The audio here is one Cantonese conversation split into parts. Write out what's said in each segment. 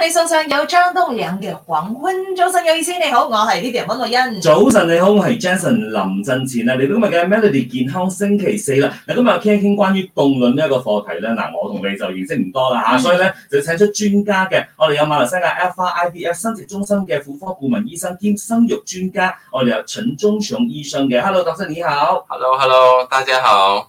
你信上有張東陽嘅黃昏早晨有意思，你好，我係呢啲温國欣。早晨你好，我係 Jason 林振前啊，嚟到今日嘅 Melody 健康星期四啦。嗱，今日又傾一傾關於凍卵呢一個課題咧。嗱，我同你就認識唔多啦吓，嗯、所以咧就請出專家嘅。我哋有馬來西亞 FRIVF 生殖中心嘅婦科顧問醫生兼生育專家，我哋有陳忠雄醫生嘅。Hello，鄧生你好。Hello，Hello，hello, 大家好。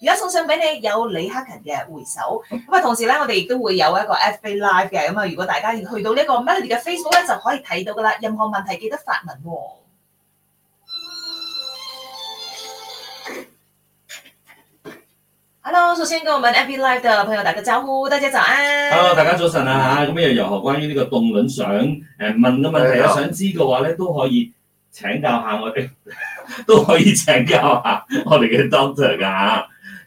而家送上俾你有李克勤嘅回首，咁啊、嗯，同時咧，我哋亦都會有一個 FB Live 嘅，咁、嗯、啊，如果大家去到個呢個 Melody 嘅 Facebook 咧，就可以睇到噶啦。任何問題記得發文喎、哦。嗯、Hello，首先跟我們 FB Live 嘅朋友打個招呼，大家早安。Hello，大家早晨啊嚇，咁、啊、又有何？關於呢個凍卵想誒問嘅問題啊？的想知嘅話咧，都可以請教下我哋，都可以請教下我哋嘅 Doctor 啊。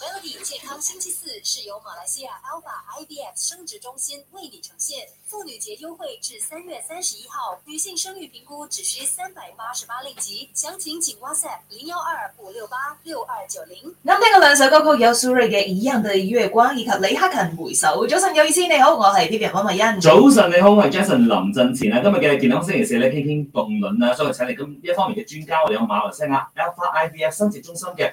Melody，健康星期四是由馬來西亞 Alpha IBS 生殖中心為你呈現，婦女節優惠至三月三十一號，女性生育評估只需三百八十八令吉，詳情請，請 WhatsApp 零幺二五六八六二九零。那聽呢個兩首歌曲有蘇芮嘅《一樣的月光》以及李克勤回首。早晨，有意思，你好，我係 Peter 黃文恩。早晨，你好，我係 Jason 林振前啊。今日嘅健康星期四咧，傾傾凍卵，所以我請嚟咁呢一方面嘅專家，我哋馬來西亞 Alpha IBS 生殖中心嘅。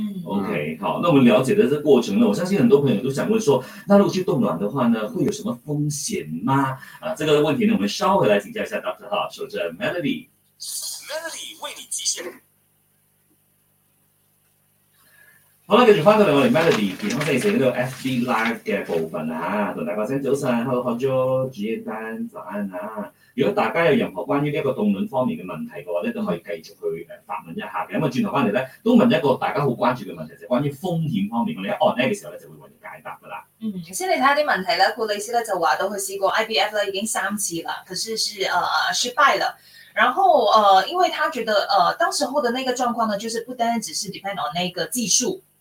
嗯，OK，嗯好，那我們了解的這過程呢，我相信很多朋友都想問說，那如果去凍卵的話呢，會有什麼風險嗎？啊，這個問題呢，我們稍微來請教一下 Doctor 哈，守着 Melody，Melody 為你提醒。好了，給你發眾朋友，我哋 Melody，我哋完成呢、那個 FB Live 嘅部分啊，同大家講聲早晨 Hello 好久，主持人早安啊。如果大家有任何關於呢個凍卵方面嘅問題嘅話咧，都可以繼續去發、呃、問一下嘅。因為轉頭翻嚟咧，都問一個大家好關注嘅問題，就係、關於風險方面嘅。我哋一按咧嘅時候咧，就會為你解答噶啦。嗯，先你睇下啲問題咧，顧女士咧就話到佢試過 IBF 咧已經三次啦，可是是呃誒失敗了，然後呃，因為他覺得呃，當時候的那個狀況呢，就是不單單只是 depend on 那個技術。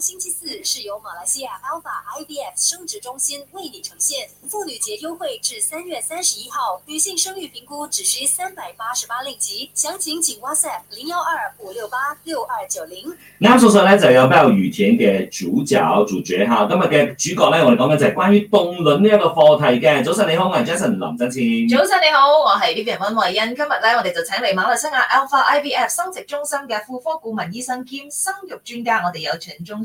星期四是由馬來西亞 Alpha IVF 生殖中心為你呈現婦女節優惠，至三月三十一號，女性生育評估只需三百八十八令吉請請、嗯。詳情請 WhatsApp 零幺二五六八六二九零。啱我上說說呢，就有比較預填嘅主角主角哈？今日嘅主角咧，我哋講緊就係關於凍卵呢一個課題嘅。早晨你好，我係 Jason 林振千。早晨你好，我係 Vivian 溫慧欣。今日咧，我哋就請嚟馬來西亞 Alpha IVF 生殖中心嘅婦科顧問醫生兼生育專家，我哋有請中。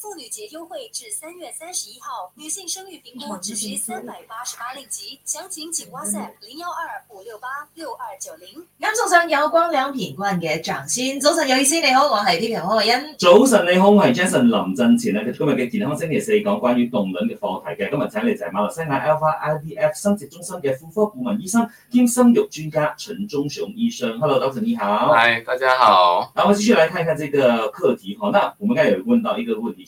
婦女節優惠至三月三十一號，女性生育評估只需三百八十八令吉，詳情請，請 WhatsApp 零幺二五六八六二九零。剛、嗯、送上有光兩片關嘅掌聲早晨有意思，你好，我係醫療康慧欣。早晨你好，係 Jason 林振前啊，今日嘅健康星期四講關於凍卵嘅課題嘅，今日請嚟就係馬來西亞 Alpha IVF 生殖中心嘅婦科部門醫生兼生育專家陳忠雄醫生。Hello，Doctor，你好。嗨，大家好。好，我們繼續來看一看這個課題哈。那我們剛才有問到一個問題。